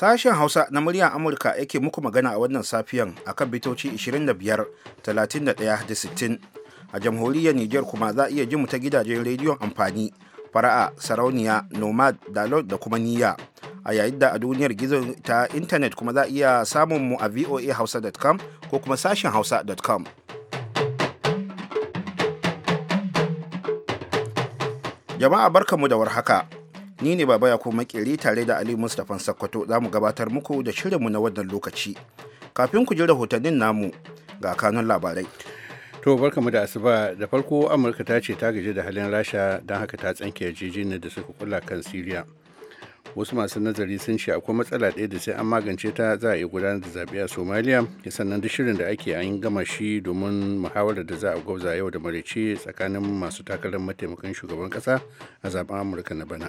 Sashen Hausa na muryar Amurka yake muku magana a wannan safiyan akan bitoci 25, 31 da 60. A jamhuriyar Nijar kuma za iya ji mu ta gidajen rediyon amfani, fara'a, sarauniya, nomad, dalot da kuma niyya. A yayin da a duniyar gizo ta intanet kuma za iya samun mu a voahausa.com ko kuma sashen hausa.com. Jama'a barkanmu da warhaka. ni ne baba ya yakubu makeri tare da ali mustapha sakkwato za mu gabatar muku da shirinmu na wannan lokaci kafin ku ji rahotannin namu ga kanun labarai to barkamu da asuba da farko amurka ta ce ta gaji da halin rasha don haka ta tsanke yarjejeniyar da suka kula kan siriya wasu masu nazari sun ce akwai matsala ɗaya da sai an magance ta za a iya gudanar da zaɓe a somaliya sannan duk shirin da ake an gama shi domin muhawarar da za a gwabza yau da marice tsakanin masu takarar mataimakan shugaban ƙasa a zaben amurka na bana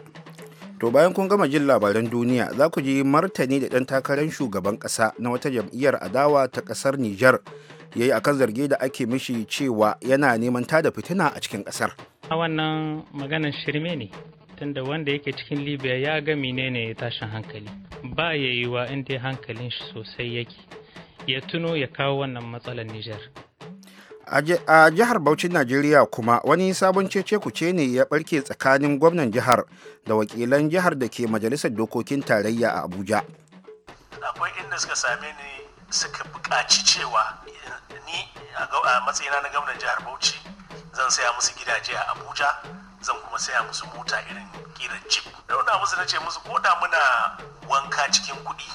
to bayan kun gama jin labaran duniya za ku ji martani da ɗan takarar shugaban ƙasa na wata jam'iyyar adawa ta ƙasar nijar ya yi akan zarge da ake mishi cewa yana neman tada fitina a cikin ƙasar wannan maganar shirme ne tunda wanda yake cikin libya ya ga menene tashin hankali ba ya yi wa inda hankalin shi sosai yake ya tuno ya kawo wannan matsalar nijar a jihar bauchin Najeriya kuma wani sabon cece-kuce ne ya barke tsakanin gwamnan jihar da wakilan jihar da ke majalisar dokokin tarayya a Abuja. Akwai inda suka same ni suka buƙaci cewa ni a matsayina na gwamnan jihar bauchi zan saya musu gidaje a abuja zan kuma saya musu mota irin kiran jeep da wanda musu na ce musu ko da muna wanka cikin kuɗi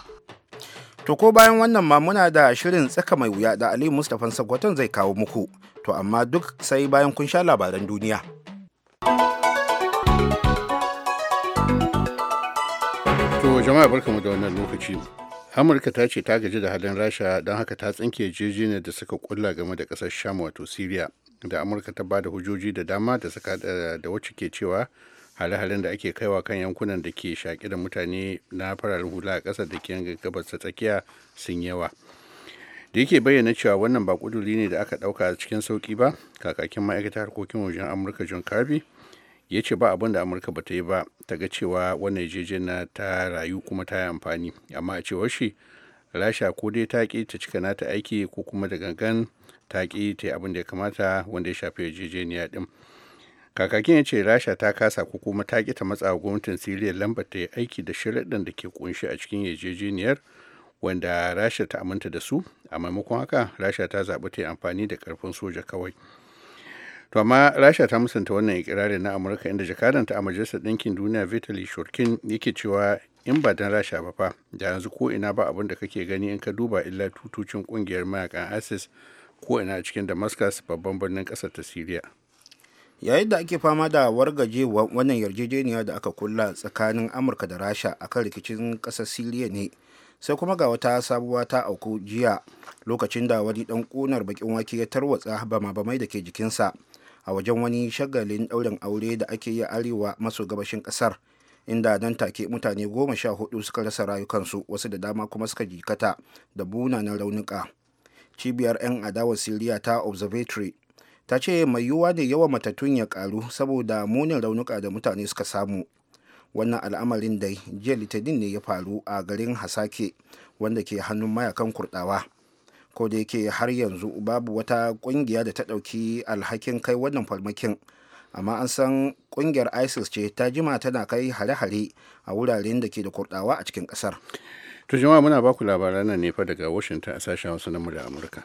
to ko bayan wannan ma muna da shirin tsaka mai wuya da ali mustapha sagwaton zai kawo muku to amma duk sai bayan kun sha labaran duniya to jama'a barkamu da wannan lokaci amurka ta ce ta gaji da halin rasha don haka ta tsinke yarjejeniyar da suka kulla game da kasar sham wato syria da amurka ta ba da hujjoji da dama da suka da wacce ke cewa hare halin da ake kaiwa kan yankunan da ke shaƙi da mutane na fararen hula a ƙasar da ke gabas ta tsakiya sun yawa da yake bayyana cewa wannan ba ƙuduri ne da aka ɗauka a cikin sauƙi ba kakakin ma'aikatar harkokin wajen amurka john carby. ya ce ba abin da amurka ba ta yi ba ta ga cewa wannan yarjejeniya ta rayu kuma ta yi amfani amma a cewar shi rasha ko dai ta ki ta cika nata aiki ko kuma da gangan ta ki ta abin da ya kamata wanda ya shafi yarjejeniya din kakakin ya ce rasha ta kasa ko kuma ta ki ta matsa wa gwamnatin siriya lambar ta yi aiki da sharaɗin da ke kunshi a cikin yarjejeniyar wanda rasha ta aminta da su a maimakon haka rasha ta zaɓi ta yi amfani da ƙarfin soja kawai to rasha ta musanta wannan ikirarin na amurka inda jakadan ta a majalisar ɗinkin duniya vitali shurkin yake cewa in ba dan rasha ba fa da yanzu ko ina ba abin da kake gani in ka duba illa tutucin kungiyar mayakan isis ko ina cikin damascus babban birnin ƙasar ta syria yayin da ake fama da wargaje wannan yarjejeniya da aka kulla tsakanin amurka da rasha akan rikicin ƙasar syria ne sai kuma ga wata sabuwa ta auku jiya lokacin da wani dan kunar bakin wake ya tarwatsa bama-bamai da ke jikinsa a wajen wani shagalin ɗaurin aure da ake yi a arewa maso gabashin ƙasar inda nan take mutane goma sha hudu suka rasa rayukansu wasu da dama kuma suka jikata da bunanan raunuka cibiyar 'yan adawar siriya ta observatory ta ce mai yiwuwa ne yawan matattun ya karu saboda munin raunuka da mutane suka samu wannan al'amarin dai jiya litinin ne ya faru a garin hasake wanda ke hannun mayakan kurdawa ko da yake har yanzu babu wata kungiya da ta ɗauki alhakin kai wannan farmakin amma an san kungiyar isis ce ta jima tana kai hare-hare a wuraren da ke da kurdawa a cikin ƙasar. to muna baku labaran nan ne fa daga washington a sashen wasu na da amurka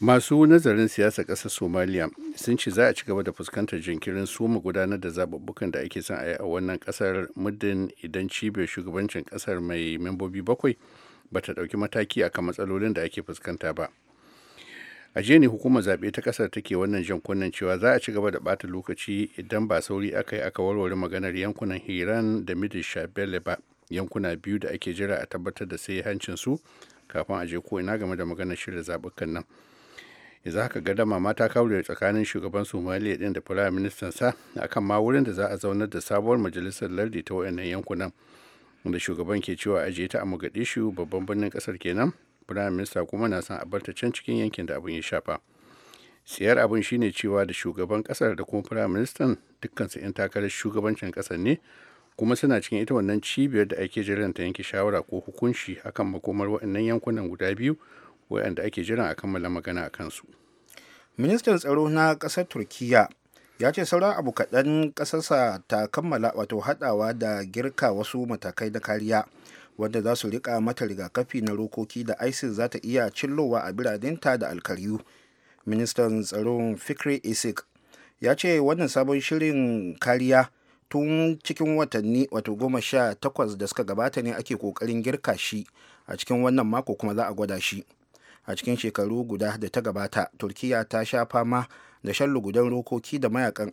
masu nazarin siyasa ƙasar somaliya sun ce za a ci gaba da fuskantar jinkirin soma gudanar da zaɓuɓɓukan da ake son a yi a wannan ƙasar muddin idan cibiyar shugabancin ƙasar mai membobi bakwai ba ta ɗauki mataki kan matsalolin da ake fuskanta ba a jiya ne hukumar zaɓe ta ƙasar take wannan jan kunnen cewa za a ci gaba da ɓata lokaci idan ba sauri aka yi aka warware maganar yankunan hiran da midin shabele ba yankuna biyu da ake jira a tabbatar da sai hancin su kafin a je ko ina game da maganar shirya zaɓukan nan za ka ga dama mata kaure tsakanin shugaban somaliya din da firayim ministan sa akan ma wurin da za a zaunar da sabuwar majalisar lardi ta wayannan yankunan da shugaban ke cewa ajiye ta a mogadishu babban birnin kasar kenan firayim minista kuma na son a barta can cikin yankin da abin ya shafa siyar abin shine cewa da shugaban kasar da kuma firayim ministan dukkansu 'yan takarar shugabancin kasar ne kuma suna cikin ita wannan cibiyar da ake jiran ta yanke shawara ko hukunci akan makomar waɗannan yankunan guda biyu waɗanda ake jira a kammala magana a kansu ministan tsaro na ƙasar turkiya ya ce sauran abu kaɗan ƙasarsa ta kammala wato haɗawa da girka wasu matakai na kariya wanda za su riƙa mata rigakafi na rokoki da isis za ta iya cillowa a biranenta da alkaryu ministan tsaron fikri isik ya ce wannan sabon shirin kariya tun cikin watanni wato goma sha takwas da suka gabata ne ake kokarin girka shi a cikin wannan mako kuma za a gwada shi a cikin shekaru guda da ta gabata turkiya ta sha fama da shan lugudan rokoki da mayakan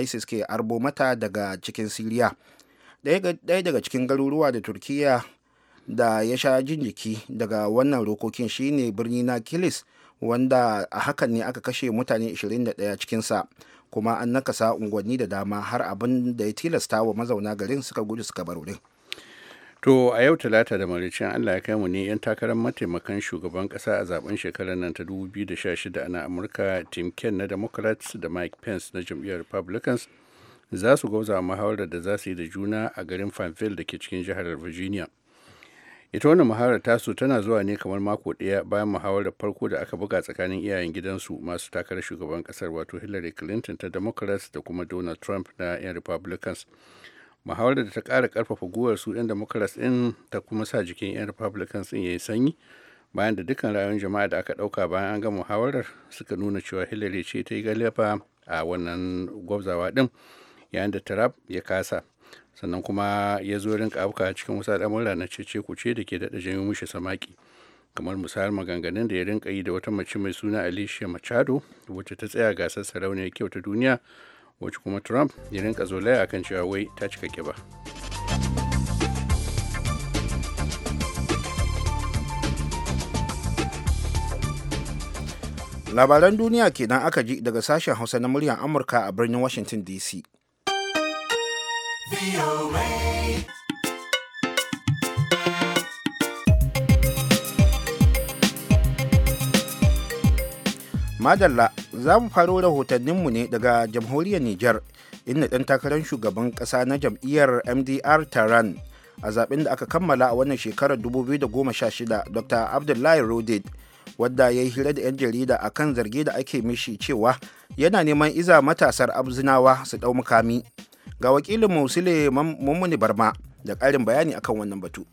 isis ke arbo mata daga cikin siriya ɗaya daga cikin garuruwa da turkiya da ya sha jinjiki daga wannan rokokin shine birni na kilis wanda a hakan ne aka kashe mutane 21 cikinsa kuma an nakasa unguwanni da dama har abin da ya tilasta wa mazauna garin suka gudu suka bar wurin. To a yau talata da maricin Allah ya kai mu ne 'yan takarar mataimakan shugaban kasa a zaben shekarar nan ta 2016 na Amurka Tim Ken na Democrats da Mike Pence na jam'iyyar Republicans za su gauza muhawarar da za su yi da juna a garin Fanville da ke cikin jihar Virginia. Ita wannan muhawarar tasu tana zuwa ne kamar mako ɗaya bayan muhawarar farko da aka buga tsakanin iyayen gidansu masu takarar shugaban kasar wato Hillary Clinton ta Democrats da kuma Donald Trump na 'yan Republicans. muhawarar da ta kara karfafa guwar su 'yan democrats din ta kuma sa jikin 'yan republicans din yayi sanyi bayan da dukkan rayuwar jama'a da aka ɗauka bayan an ga muhawarar suka nuna cewa hillary ce ta yi galifa a wannan gwabzawa ɗin yayin da trump ya kasa sannan kuma ya zo rinka abuka cikin wasu al'amura na cece ce da ke daɗa janyo mushi samaki kamar misalin maganganun da ya rinka yi da wata mace mai suna alicia machado wacce ta tsaya gasar sarauniyar kyau ta duniya wacce kuma trump ya rinka zolaya akan cewa wai ta cika kiba labaran duniya kenan aka ji daga sashen hausa na muryar amurka a birnin washington dc Madalla za mu faro rahotanninmu ne daga jamhuriyar Nijar inda ɗan takarar shugaban ƙasa na jam'iyyar MDR Taran a zaɓen da aka kammala a wannan shekarar 2016 Dr. Abdullahi Rodid wadda ya yi hira da 'yan jarida a kan zarge da ake mishi cewa yana neman iza matasar abzinawa su ɗau mukami. Ga wakilin Musule Mummuni Barma da ƙarin bayani akan wannan batu.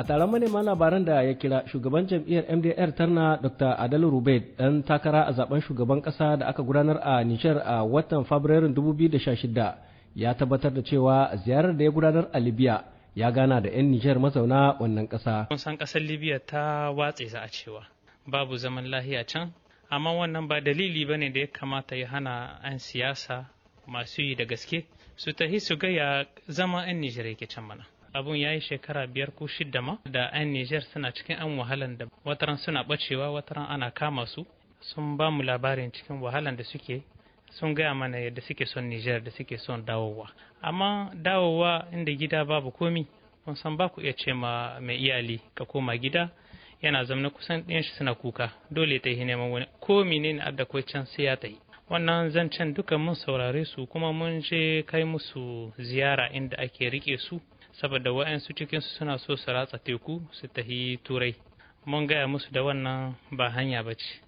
a taron manema labaran da ya kira shugaban jam'iyyar mdr tarna dr adalu rubaid dan takara a zaben shugaban kasa da aka gudanar a nijar a watan fabrairun 2016 ya tabbatar da cewa ziyarar da ya gudanar a libya ya gana da 'yan nijar mazauna wannan kasa mun san kasar libya ta watse za a cewa babu zaman lahiya can amma wannan ba dalili bane da ya kamata ya hana 'yan siyasa masu yi da gaske su tahi su ga zama 'yan nijar yake can mana abun ya yi shekara biyar ko shidda ma da 'yan niger suna cikin an wahalan da wataran suna bacewa wataran ana kama su sun ba mu labarin cikin wahalan da suke sun gaya mana yadda suke son niger da suke son dawowa amma dawowa inda gida babu komi kun san ba ku iya ce ma mai iyali ka koma gida yana zamna kusan ɗayan shi suna kuka dole ta yi neman wani ne na adda can sai ya ta yi wannan zancen duka mun saurare su kuma mun je kai musu ziyara inda ake rike su saboda wa'yansu cikinsu suna so su ratsa teku su tahi turai mun gaya musu da wannan ba hanya ba ce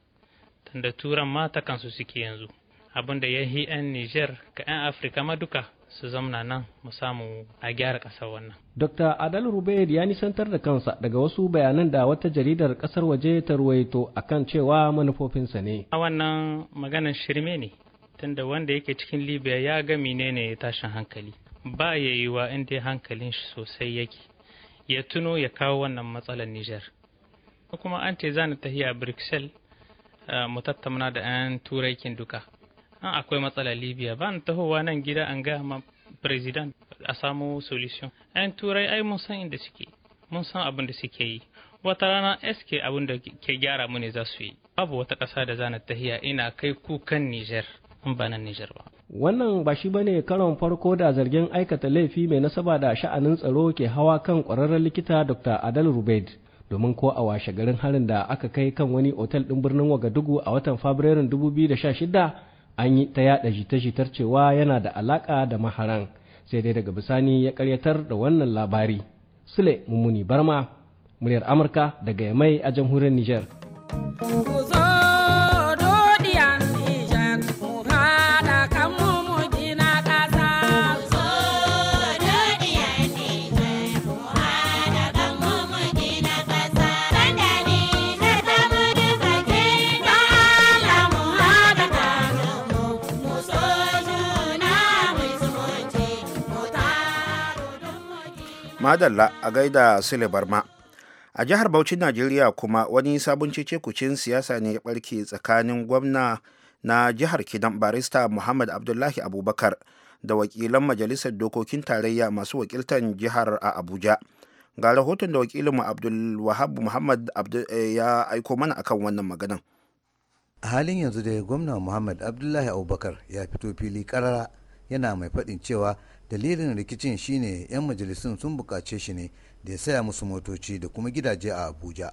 tunda turan ma ta kansu suke yanzu abin da ya yi 'yan niger ka 'yan afirka ma duka su zamna nan mu samu a gyara kasar wannan. Dr. Adal Rubeir ya nisantar da kansa daga wasu bayanan da wata jaridar ƙasar waje ta ruwaito a kan cewa manufofinsa ne. A wannan maganan shirme ne, tunda wanda yake cikin Libya ya ga menene tashin hankali. ba ya yi wa inda hankalin shi sosai yake ya tuno ya kawo wannan matsalar Nijar. Kuma an ce zani tahiya Bruxelles mu tattauna da 'yan turai kin duka. An akwai matsalar Libya ba tahowa nan gida an ga ma president a samu solution. 'Yan turai ai mun san inda suke, mun san abin da suke yi. Wata rana SK abin da ke gyara mu ne za su yi. Babu wata ƙasa da zana tahiya ina kai kukan Nijar, in ba nan Nijar ba. wannan ba shi bane karon farko da zargin aikata laifi mai nasaba da sha'anin tsaro ke hawa kan kwararren likita dr adal rubaid domin ko a washe garin harin da aka kai kan wani otal ɗin birnin wagadugu a watan fabrairun 2016 an yi ta yada jita-jitar cewa yana da alaƙa da maharan sai dai daga bisani ya karyatar da wannan labari sule mummuni barma muryar amurka daga yamai a jamhuriyar Nijar. madalla a gaida sule barma a jihar bauchi najeriya kuma wani sabon cece-kucin siyasa ne ya barke tsakanin gwamna na jihar kidan barista muhammad abdullahi abubakar da wakilan majalisar dokokin tarayya masu wakiltan jihar a abuja ga rahoton da wakilinmu abdulwahab muhammad eh, ya aiko mana akan wannan maganan a halin yanzu da gwamna muhammad abdullahi abubakar ya fito fili karara yana mai faɗin cewa dalilin rikicin shine 'yan majalisun sun bukaci shi ne da ya saya musu motoci da kuma gidaje a abuja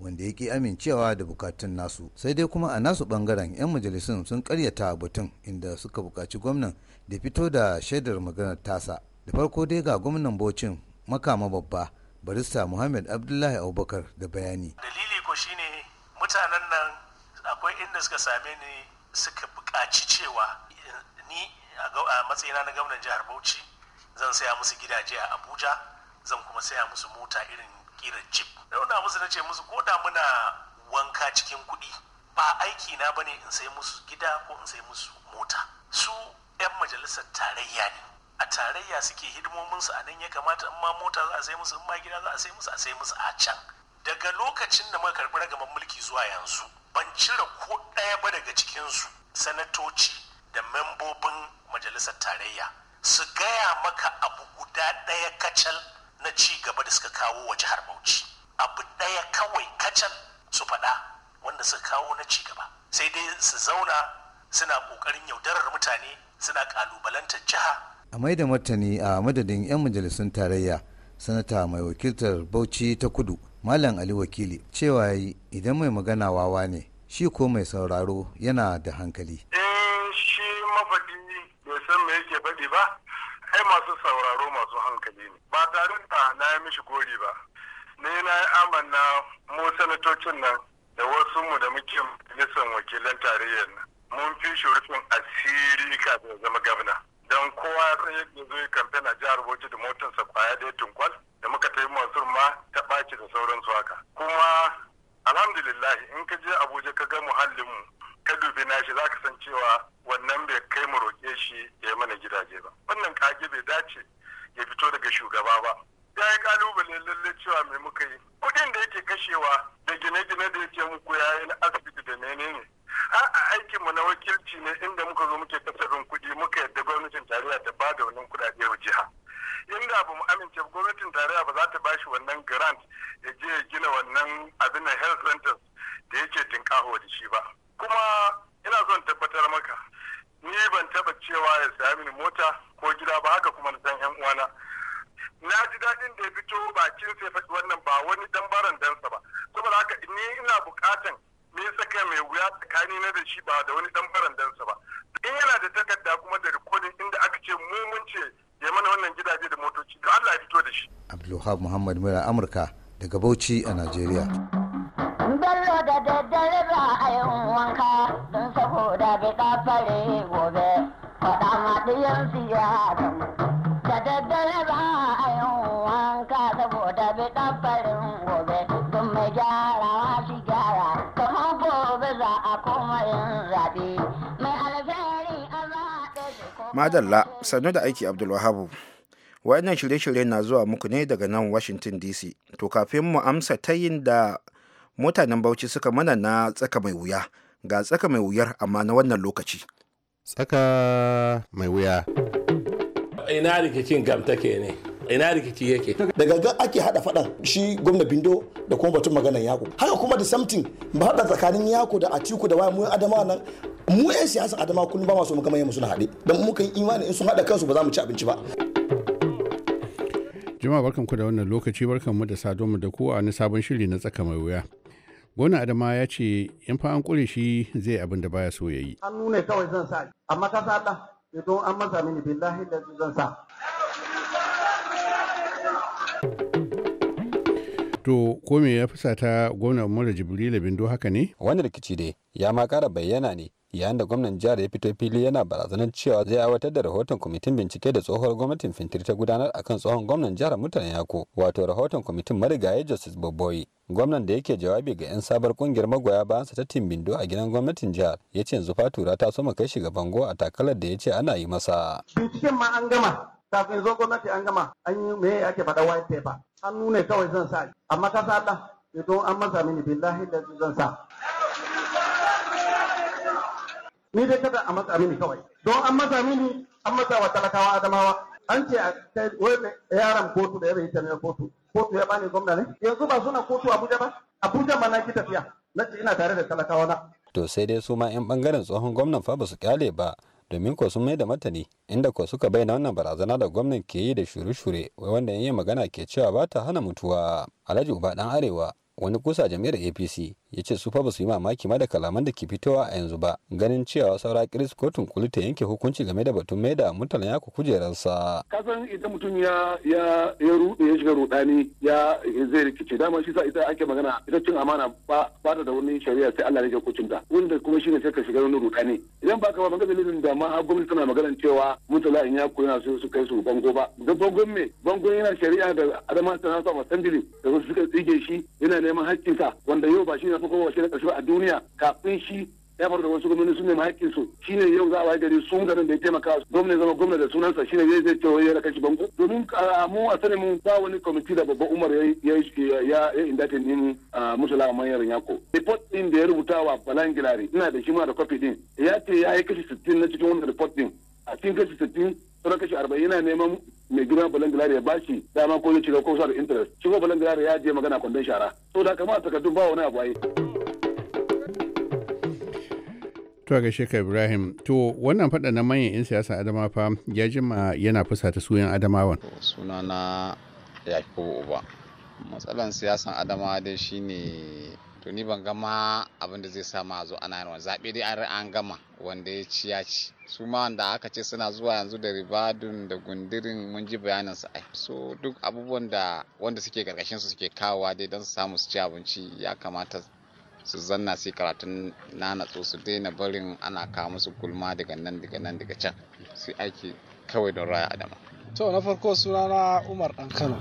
wanda ya ki amincewa da bukatun nasu sai dai kuma a nasu bangaren 'yan majalisun sun karyata batun inda suka bukaci gwamnan da fito da shaidar maganar tasa da farko dai ga gwamnan bocin makama babba barista muhammad abdullahi abubakar da bayani dalili ko shine mutanen nan akwai inda suka same ni suka bukaci cewa ni a matsayina na gwamnan jihar bauchi zan saya musu gidaje a abuja zan kuma saya musu mota irin kiran jeep da wanda musu na ce musu ko da muna wanka cikin kuɗi ba aiki na bane in sai musu gida ko in sai musu mota su 'yan majalisar tarayya ne a tarayya suke hidimominsu a nan ya kamata in ma mota za a sai musu in ma gida za a sai musu a sai musu a can daga lokacin da muka karbi ragaman mulki zuwa yanzu ban cire ko ɗaya ba daga cikin su sanatoci da membobin majalisar tarayya su gaya maka abu guda ɗaya kacal na ci gaba da suka kawo wa jihar bauchi abu ɗaya kawai kacal su faɗa wanda suka kawo na ci gaba sai dai su zauna suna ƙoƙarin yaudarar mutane suna ƙalubalantar jiha a mai da martani a madadin 'yan majalisun tarayya sanata mai wakiltar bauchi ta kudu malam ali wakili cewa idan mai magana wawa ne shi ko mai sauraro yana da hankali faɗi ba ai masu sauraro masu hankali ne ba tare da na yi mishi gori ba ni na yi amanna mu sanatocin nan da wasu mu da muke nisan wakilan tarayyar nan mun fi shi rufin asiri kafin zama gabna don kowa ya san yadda zai kamfen a jihar bauchi da motarsa kwaya da tunkwal da muka ta yi mansur ma ta ɓaci da sauransu haka kuma alhamdulillah in ka je abuja ka ga muhallinmu ka dubi nashi za ka san cewa wannan bai kai mu roƙe shi ya mana gidaje ba wannan kage bai dace ya fito daga shugaba ba ya yi kalubale lalle cewa mai muka yi kuɗin da yake kashewa da gine-gine da yake muku ya yi na asibiti da menene har a aikin mu na wakilci ne inda muka zo muke kasafin kuɗi muka yadda gwamnatin tarayya ta ba da wannan kudade wa jiha inda ba mu amince gwamnatin tarayya ba za ta bashi wannan grant ya je ya gina wannan abin health centers da yake tinkaho da shi ba kuma ina son tabbatar maka ni ban taba cewa ya saya mini mota ko gida ba haka kuma na san yan uwana na ji daɗin da ya fito bakin sai faɗi wannan ba wani dan baran dansa ba saboda haka ni ina bukatan me saka mai wuya tsakani na da shi ba da wani dan baran dansa ba in yana da takarda kuma da rikodin inda aka ce mu mun ce ya mana wannan gidaje da motoci da Allah ya fito da shi Abdulwahab Muhammad Mura Amurka daga Bauchi a Najeriya Bello da daddare ba a yi wanka don saboda bai kafare gobe faɗa maɗiyan siya da daddare ba a yi wanka saboda bai kafarin gobe don mai gyarawa shi gyara kamar gobe za a koma yin zaɓe mai alfahari a zaɓe madalla sannu da aiki abdulwahabu wayannan shirye-shirye na zuwa muku ne daga nan washington dc to kafin mu amsa ta yin da mutanen bauchi suka mana na tsaka mai wuya ga tsaka mai wuyar amma na wannan lokaci tsaka mai wuya ina rikicin gamtake ne ina rikici yake daga ga ake hada fadan shi gwamna bindo da kuma batun maganar yako haka kuma da something ba hada tsakanin yako da atiku da waya mu adama nan mu yan siyasa adama kullum ba masu makamai mu suna hade dan mu yi imani in sun hada kansu ba za mu ci abinci ba jama'a barkan ku da wannan lokaci barkan mu da sado mu da ku a wani sabon shiri na tsaka mai wuya Gona Adama ya ce in fa an kure shi zai abin da baya so ya yi. Hannu ne kawai zan sa amma ka sa ɗan don an masa mini billahi da zan sa. To ko me ya ta gwamnan Mura Jibrila Bindo haka ne? Wani rikici dai ya ma kara bayyana ne yayin da gwamnan jihar ya fito fili yana barazanar cewa zai aiwatar da rahoton kwamitin bincike da tsohuwar gwamnatin fintiri ta gudanar akan tsohon gwamnan jihar mutane yako wato rahoton kwamitin marigaye justice Boboyi. gwamnan da yake jawabi ga 'yan sabar kungiyar magoya sa ta timbindo a gidan gwamnatin jihar ya ce yanzu fatura ta soma kai shi ga bango a takalar da ya ce ana yi masa binciken ma an gama kafin zo gwamnati an gama an yi me ake faɗa white paper hannu ne kawai zan sa amma ka sa Allah idan an masa mini billahi da zan sa ni dai kada a matsa mini kawai don an matsa mini an matsa wa talakawa adamawa an ce a kai wani yaran kotu da ya bai ta kotu kotu ya bani gwamna ne yanzu ba suna kotu abuja ba abuja ma na ki tafiya na ce ina tare da talakawa na to sai dai su ma 'yan bangaren tsohon gwamnan fa ba su kyale ba domin ko sun mai da martani inda ko suka bayyana wannan barazana da gwamnan ke yi da shure-shure wai wanda yin magana ke cewa ba ta hana mutuwa alhaji uba dan arewa wani kusa jam'iyyar apc ya ce su fa ba su yi mamaki ma da kalaman da ke fitowa a yanzu ba ganin cewa saura kiris kotun kuli ta yanke hukunci game da batun mai da mutalan kujerar kujerarsa kasan idan mutum ya ya ya rude ya shiga rudani ya zai rikice dama shi sa ita ake magana ita cin amana ba ba da wani shari'a sai Allah ne ke hukunta wanda kuma shine sai ka shiga wani rudani idan ba ka ba dalilin da ma har gwamnati tana magana cewa mutala in yaku yana so su kai su bango ba da bangon me bangon yana shari'a da adama tana sa masandiri da su suka tsige shi yana neman haƙƙinsa wanda yau ba shi tafi kowa a duniya kafin shi ya faru da wasu gwamnati sun nemi haƙƙin su shine yau za a waye gari sun garin da ya taimaka gwamnati zama gwamnati da sunansa shine zai zai cewa ya raka shi banko domin mu a sanin mu ba wani kwamiti da babban umar ya ya ya indatin din musu a manyan yako report din da ya rubuta wa balangilari ina da shi ma da kwafi din ya ce ya yi kashi sittin na cikin wannan report din a cikin kashi sittin sauran kashi arba'in yana neman mai girma balangilari ya bashi dama ko ya shiga ko sa da interest shi ko balangilari ya je magana kwandon shara so da kamar takardun ba wani abu ayi. to ga shekar ibrahim to wannan faɗa na manyan 'yan siyasa adama fa ya jima yana fusata suyan adamawan sunana fi uba matsalan siyasan adama dai shine to ni ban gama abin da zai sa ma zo ana yawan zaɓe dai an gama wanda ya ci ya ci su ma wanda aka ce suna zuwa yanzu da ribadun da gundirin mun ji bayanin su ai so duk abubuwan da wanda suke karkashin su suke kawowa dai don su samu su ci abinci ya kamata su zanna su karatun na natsu su daina barin ana kawo musu gulma daga nan daga nan daga can su aiki kawai don raya adama to na farko sunana umar dan kano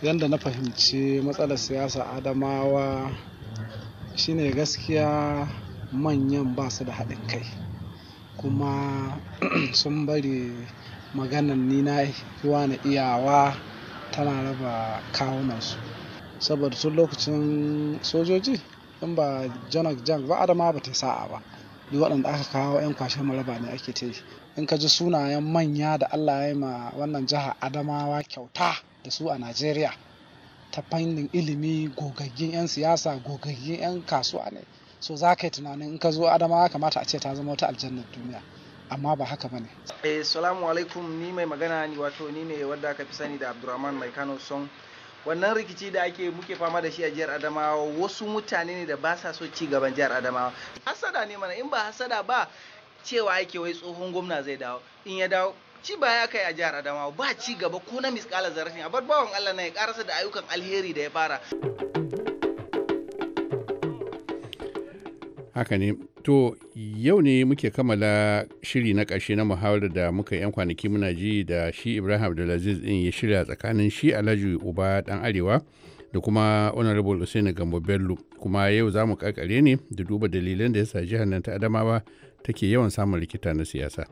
yanda na fahimci matsalar siyasa adamawa shine gaskiya manyan ba su da haɗin kai kuma sun bari maganan nina na na iyawa tana raba kawunansu saboda tun lokacin sojoji in ba janak jang, ba adama ba ta sa'a ba duk waɗanda aka kawo 'yan kwashe maraba ne ake ta yi in ka ji sunayen manya da allah ya yi ma wannan jihar adamawa kyauta da su a najeriya ta fannin ilimi gogaggen 'yan siyasa gogaggen 'yan kasuwa ne so za ka yi tunanin in ka zo ya kamata a ce ta zama wata aljannar duniya amma ba haka ba ne. Eh, salamu alaikum ni mai magana ni wato ni ne wanda aka fi sani da Abdurrahman mai Kano son wannan rikici da ake muke fama da shi a jihar Adamawa wasu mutane ne da ba sa so ci gaban jihar Adamawa. Hasada ne mana in ba hasada ba cewa ake wai tsohon gwamna zai dawo in ya dawo ci ba ya kai a jihar adamawa ba ci gaba ko na miskala zarafin a bar bawan allah na ya karasa da ayyukan alheri da ya fara haka ne to yau ne muke kammala shiri na ƙarshe na muhawarar da muka yan kwanaki muna ji da shi ibrahim abdulaziz din ya shirya tsakanin shi alhaji uba dan arewa da kuma honorable usaini gambo bello kuma yau za mu ne da duba dalilan da ya sa jihar nan ta adamawa take yawan samun rikita na siyasa.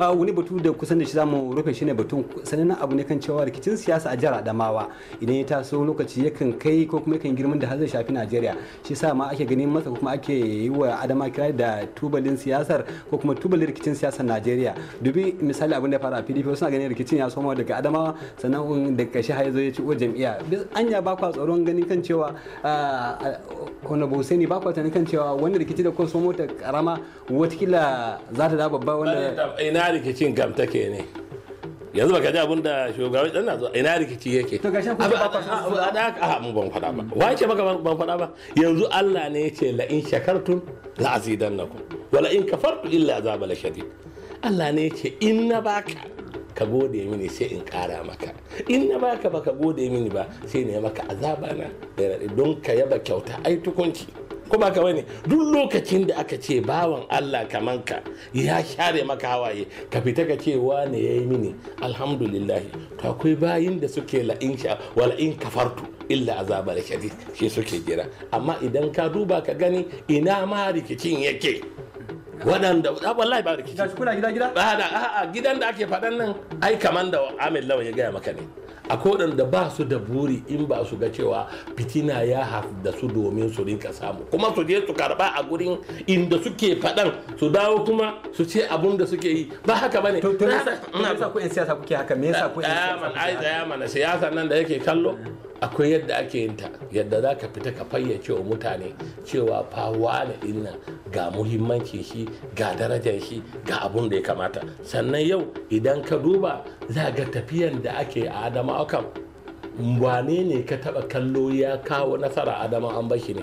Uh, wani batu da kusan da shi zamu rufe shi ne batun sanannen abu ne kan cewa rikicin siyasa a jihar adamawa idan ya taso lokaci yakan kai ko kuma yakan girman da har zai shafi najeriya shi sa ma ake ganin masa kuma ake yi wa adama kira da tubalin siyasar ko kuma tubalin rikicin siyasar najeriya dubi misali abin da fara pdp suna ganin rikicin ya soma daga adamawa sannan da kashi har zo ya ci uwar jam'iyya anya ba kwa tsoron ganin kan cewa honorable hussaini ba kwa tunanin kan cewa wani rikici da kuma somo ta karama wata kila za ta da babba wanda ina rikicin gamtake ne yanzu baka ji abin da shugaban dan nazo ina rikici yake to gashin ku ba fada a mu ban fada ba wa yake maka ban fada ba yanzu Allah ne yace la in shakartum la azidannakum la in kafartu illa azabal shadid Allah ne yake in na baka ka gode mini sai in kara maka in na baka baka gode mini ba sai ne maka azabana don ka yaba kyauta ai tukunci ko ba ka wani duk lokacin da aka ce bawan Allah kaman ka ya share maka hawaye ka fita ka ce wane yi mini alhamdulillahi to akwai bayin da suke la'in sha wala in kafartu illa azabar shadid shi suke jira amma idan ka duba ka gani ina ma rikicin yake waɗanda ah, wallahi ba rikicin gida gida gidan da ake faɗan nan ai kaman da amin Lawan ya gaya maka ne a koɗan da ba su da buri in ba su ga cewa fitina ya hafi da su domin su rinka samu kuma su je su karba a gurin inda suke faɗan su dawo kuma su ce abun da suke yi ba haka bane to to ne yasa ku yan siyasa kuke haka me yasa ku yan siyasa ai mana siyasa nan da yake kallo akwai yadda ake yin ta yadda za ka fita ka fayyace wa mutane cewa fa wane inna ga muhimmanci shi ga darajar shi ga abun da ya kamata sannan yau idan ka duba za ga tafiyan da ake a adama akan wane ne ka taba kallo ya kawo nasara adama an bashi ne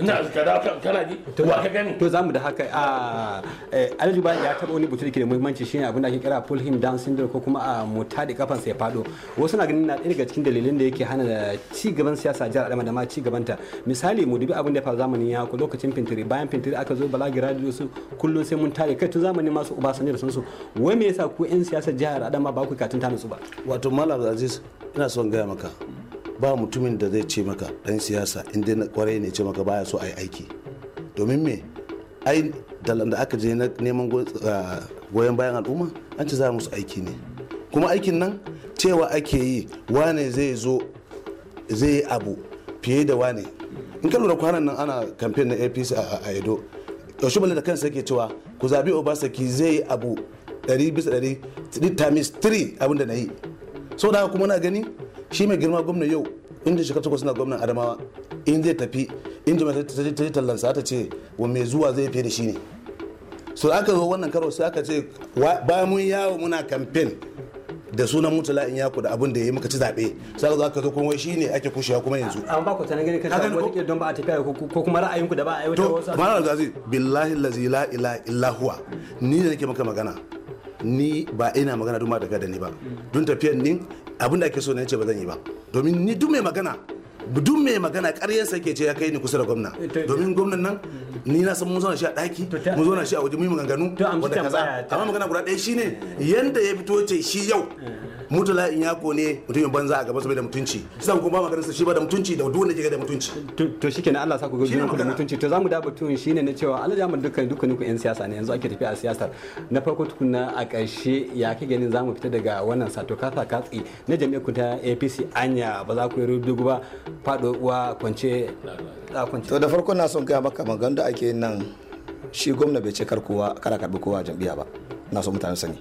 ina kada kana ji wa ka gani to zamu da haka a eh, alhaji ba ya taba wani butul ke da muhimmanci shine abin da ake kira fulham down syndrome ko kuma a mota da kafan sai fado wasu na ganin na ɗaya daga cikin dalilin da yake hana ci gaban siyasa jihar adama da ma ci ta misali mu dubi abin da ya faru zamanin ya lokacin fintiri bayan fintiri aka zo balagi radio su kullum sai mun tare kai tun zamanin masu obasanjo da sansu wai me yasa ku yan siyasa jihar adama ba ku katun ta nutsu ba wato malam aziz ina son gaya maka ba mutumin da zai ce maka dan siyasa inda na kwarai ne ce maka baya so a yi aiki domin me ai da aka je na neman ah, goyon bayan al'umma an ce za musu aiki ne kuma aikin nan cewa ake yi wane zai zo zai yi abu fiye da wane in ka lura kwanan nan ana kamfen na apc a edo yaushe da kansa yake cewa ku zabi obasaki zai yi abu 100 bisa 100 times 3 abinda na yi sau da kuma na gani shi mai girma gwamna yau inda shekara takwas na gwamnan adamawa in zai tafi in jama'a ta yi tallansa ta ce wa mai zuwa zai fiye da shi ne so aka zo wannan karo sai aka ce ba mun yawo muna kamfen da sunan mutala in yaku da abin da ya muka ci zaɓe sai za aka zo kuma wai shine ake kushewa kuma yanzu an ba ku ta gani kace ko wani don ba a tafiya ko kuma ra'ayinku da ba a aiwatar wasu to malam zazi billahi lazi la ilaha illa huwa ni ne nake maka magana ni ba ina magana duma daga da ni ba don tafiyar ni abin da ake so na ce ba zan yi ba domin ni duk mai magana duk mai magana sa yake ce ya kai ni kusa da gwamna eh, domin gwamnan nan ni na san mun na shi a daki mun na shi a waje mun yi maganganu wanda kaza amma magana guda ɗaya shine yanda ya fito ce shi yau eh. mutula in yako ne mutumin banza a gaba saboda mutunci sai kuma ba sa shi ba da mutunci da duk wanda ke da mutunci to shikenan Allah sa ku gobe ku da mutunci to zamu da batun shine na cewa Allah ya mu dukkan dukkan ku yan siyasa ne yanzu ake tafiya a siyasar na farko tukunna a ƙarshe ya ke ganin zamu fita daga wannan sato kasa katsi na jami'ar ku ta APC anya ba za ku yi rubutu ba faɗo uwa kwance to da farko na son gaya maka magan da ake nan shi gwamna bai ce kar kowa kara karbi kowa jam'iyya ba na so mutane sani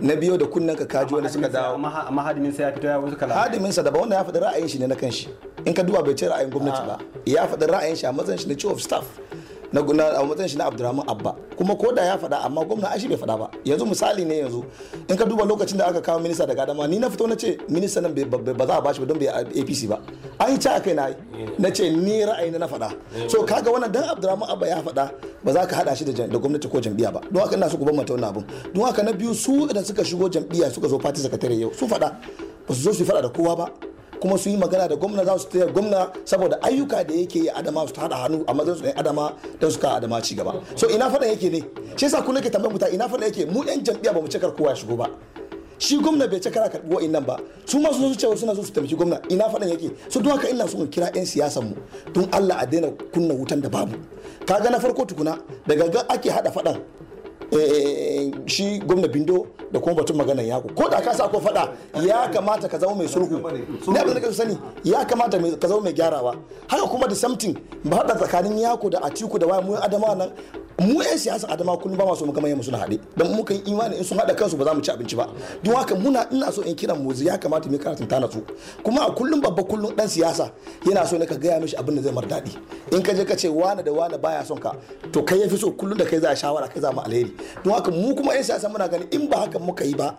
na biyo da kunnan ka kaji wanda suka dawo amma hadimin sa ya fito ya wasu kalamai hadimin sa daban wanda ya faɗi ra'ayin shi ne na kanshi in ka duba bai ce ra'ayin gwamnati ba ya faɗi ra'ayin shi a matsayin shi na chief of staff na a matsayin shi na abdurrahman abba kuma ko da ya faɗa amma gwamna ashi bai faɗa ba yanzu misali ne yanzu in ka duba lokacin da aka kawo minista daga adama ni na fito na ce minista nan ba za a bashi ba don bai apc ba an yi ci a kai na na ce ni ra'ayi na faɗa so ga wannan dan abdurrahman abba ya faɗa ba za ka haɗa shi da gwamnati ko jam'iyya ba don haka ina so ku bar mata abun don haka na biyu su idan suka shigo jam'iyya suka zo fati sakatare yau su faɗa ba su zo su faɗa da kowa ba kuma su yi magana da gwamna za su taya gwamna saboda ayyuka da yake yi adama su hada hannu a matsayin su adama don su kawo adama cigaba gaba so ina fada yake ne shi yasa kullum ke tambayar mu ta ina faɗa yake mu yan jam'iyya ba mu cakar kowa ya shigo ba shi gwamna bai cakara karɓi nan ba su ma su cewa suna so su tafi gwamna ina faɗan yake su don haka ina son kira 'yan siyasan mu don Allah a daina kunna wutan da babu kaga na farko tukuna daga ga ake hada faɗan Eh, shi gwamna bindo da kuma batun ya ku ko da ka sa ko faɗa ya kamata ka zama mai sulhu ne abin da ka sani ya kamata ka zama mai gyarawa haka kuma da samtin ba haɗa tsakanin yako da atiku da waya mu adama nan mu yan siyasa adama kullum ba masu mukamman suna haɗe don mu kan imani in sun haɗa kansu ba za mu ci abinci ba don haka muna ina so in kira muzi ya kamata mu karatun tana su kuma a kullum babba kullum dan siyasa yana so ne ka gaya mishi abin da zai mar daɗi in ka je ka ce wane da wane baya son ka to kai yafi so kullum da kai za a shawara kai za mu alheri don haka mu kuma yan siyasa muna gani in ba haka muka yi ba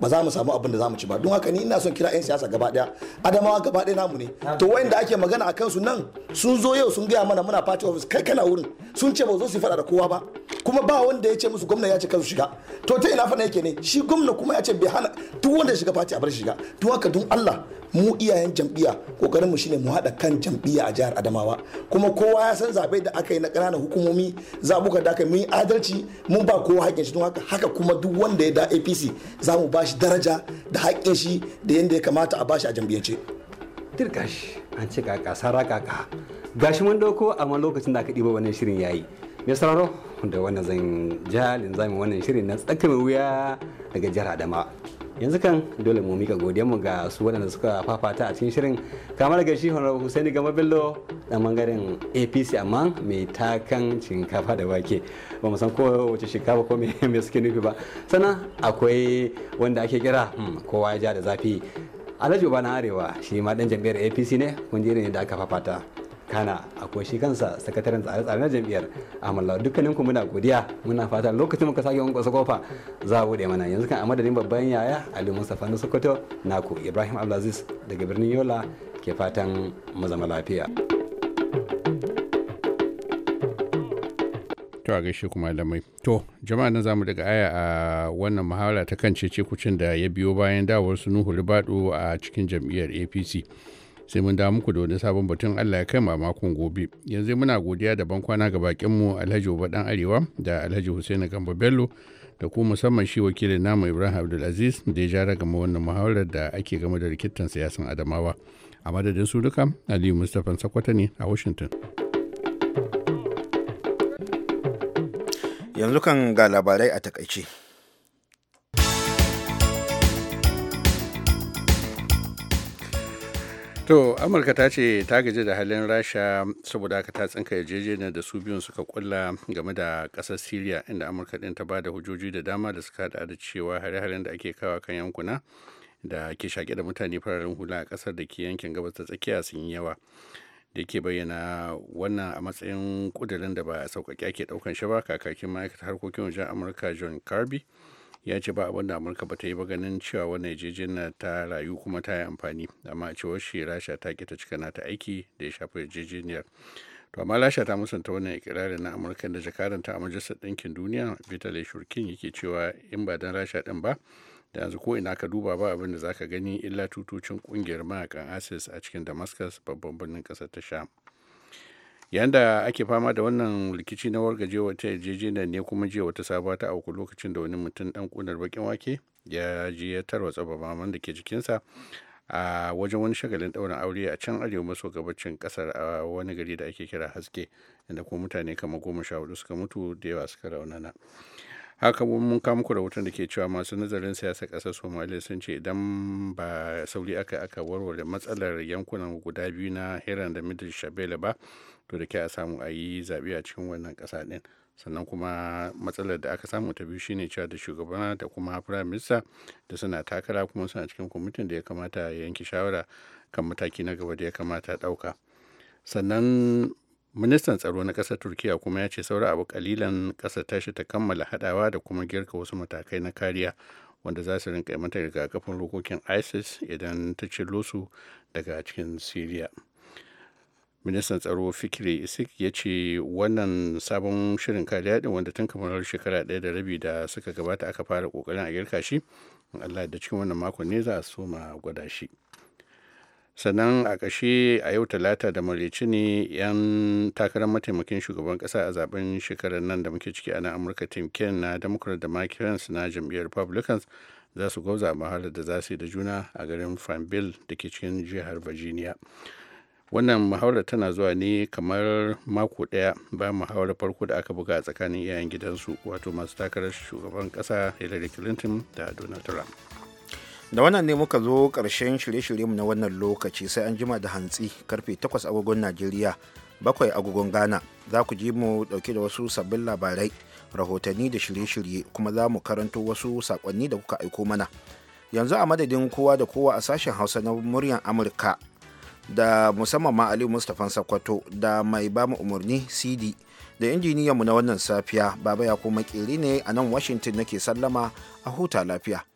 ba za mu samu abin da za mu ci ba don haka ni ina son kira 'yan siyasa gaba daya adamawa gaba daya namu ne to wayanda ake magana a kansu nan sun zo yau sun gaya mana muna party office kai kana wurin sun ce ba zo su faɗa da kowa ba kuma ba wanda ya ce musu gwamna ya ce kansu shiga to ta ina fana yake ne shi gwamna kuma ya ce bai hana duk wanda ya shiga fati a bar shiga to haka don Allah mu iyayen jam'iyya kokarin mu shine mu hada kan jam'iyya a jihar Adamawa kuma kowa ya san zabe da aka yi na ƙananan hukumomi zabuka da aka yi adalci mun ba kowa haƙƙin shi don haka haka kuma duk wanda ya da APC za mu ba shi daraja da haƙƙin shi da yadda ya kamata a ba shi a jam'iyyance. Dirka an ce kaka sara kaka gashi mun dauko amma lokacin da aka ɗiba wannan shirin yayi. Me sauraro da wannan zan jalin mu wannan shirin na tsakar wuya daga jihar adama yanzu kan dole mu mika godiyar mu ga su waɗanda suka fafata a cikin shirin kamar ga shi honorable husaini gama bello dan bangaren apc amma mai takan shinkafa da wake ba mu san ko wace shinkafa ko me suke nufi ba sannan akwai wanda ake kira hmm, kowa ya ja da zafi alhaji uba arewa shi ma dan jam'iyyar apc ne kun ji irin da aka fafata kana akwai shi kansa sakataren tsare-tsare na jam'iyyar amalla dukkanin ku muna godiya muna fata lokacin muka sake wankwasa kofa za a bude mana yanzu kan a madadin babban yaya ali mustapha na sokoto naku ibrahim abdulaziz daga birnin yola ke fatan mu zama lafiya to a gaishe kuma mai to jama'a nan zamu daga aya a wannan muhawara ta kan cece kucin da ya biyo bayan dawar su nuhu ribadu a cikin jam'iyyar apc sai mun dawo muku da wani sabon batun Allah ya kai makon gobe yanzu muna godiya da bankwana ga bakin mu Alhaji Uba dan Arewa da Alhaji Hussein Gambo Bello da kuma musamman shi wakilin namu Ibrahim Abdulaziz da ya jara gama wannan muhawarar da ake game da rikitan siyasan Adamawa a madadin su duka Aliyu Mustapha Sakwata ne a Washington yanzu kan ga labarai a takaice To Amurka ta ce ta gaji da halin Rasha saboda aka ta tsinka yarjejeniyar da su biyun suka kulla game da ƙasar Siriya inda Amurka ɗin ta ba da hujjoji da dama da suka haɗa da cewa hare-haren da ake kawa kan yankuna da ke shaƙe da mutane fararen hula a kasar da ke yankin gabas ta tsakiya sun yi yawa. Da ke bayyana wannan a matsayin kudurin da ba a sauƙaƙe ake ɗaukan shi ba kakakin ma'aikatar harkokin wajen Amurka John Kirby. ya ce ba abin da amurka ba ta yi ba ganin cewa wannan yarjejeniya ta rayu kuma ta yi amfani amma a cewar shi rasha ta ƙi ta cika nata aiki da ya shafi yarjejeniyar to amma rasha ta musanta wannan ikirarin na amurka da jakaranta a majalisar ɗinkin duniya vitaly shurkin yake cewa in ba dan rasha ɗin ba da yanzu ko ina ka duba ba abin da zaka gani illa tutocin kungiyar mayakan asis a cikin damascus babban birnin ƙasar ta sham yanda ake fama da wannan rikici na wargaje wata yarjejeniyar ne kuma jiya wata sabuwa ta auku lokacin da wani mutum dan kunar bakin wake ya je ya tarwatsa babaman da ke jikinsa a wajen wani shagalin daurin aure a can arewa maso gabacin kasar a wani gari da ake kira haske inda kuma mutane kama goma sha hudu suka mutu da yawa suka raunana haka mun kawo muku rahoton da ke cewa masu nazarin siyasa ƙasar somaliya sun ce idan ba sauri aka aka warware matsalar yankunan guda biyu na heran da middle shabela ba to da ke a samu a yi zaɓe a cikin wannan ƙasa ɗin sannan kuma matsalar da aka samu ta biyu shine cewa da shugabana da kuma prime minister da suna takara kuma suna cikin kwamitin da ya kamata ya yanke shawara kan mataki na gaba da ya kamata ɗauka sannan ministan tsaro na ƙasar turkiya kuma ya ce saura abu kalilan ƙasar tashi ta kammala haɗawa da kuma girka wasu matakai na kariya wanda za su rinka mata rigakafin rokokin isis idan ta cillo su daga cikin syria ministan tsaro fikri isik ya ce wannan sabon shirin kariya din wanda tun kamar shekara ɗaya da rabi da suka gabata aka fara kokarin a girka shi allah da cikin wannan makon ne za a ma gwada shi sannan a ƙashe a yau talata da maraice ne 'yan takarar mataimakin shugaban ƙasa a zaben shekarar nan da muke ciki a nan amurka tim ken na democrat da mike na jam'iyyar republicans za su gauza mahalar da za su yi da juna a garin farmville da ke cikin jihar virginia wannan muhawarar tana zuwa ne kamar mako daya bayan muhawarar farko da aka buga a tsakanin iyayen gidansu wato masu takarar shugaban kasa hillary clinton da donald trump da wannan ne muka zo karshen shirye-shiryenmu na wannan lokaci sai an jima da hantsi karfe 8 agogon najeriya bakwai agogon ghana za ku ji mu dauke da wasu sabbin labarai rahotanni da shirye-shirye kuma za mu karanto wasu sakonni da kuka aiko mana yanzu a madadin kowa da kowa a sashen hausa na muryar amurka da musamman ma aliyu mustapha sakwato da mai ba mu umarni cd da injiniyanmu na wannan safiya baba ya kuma ne a nan washington nake sallama a huta lafiya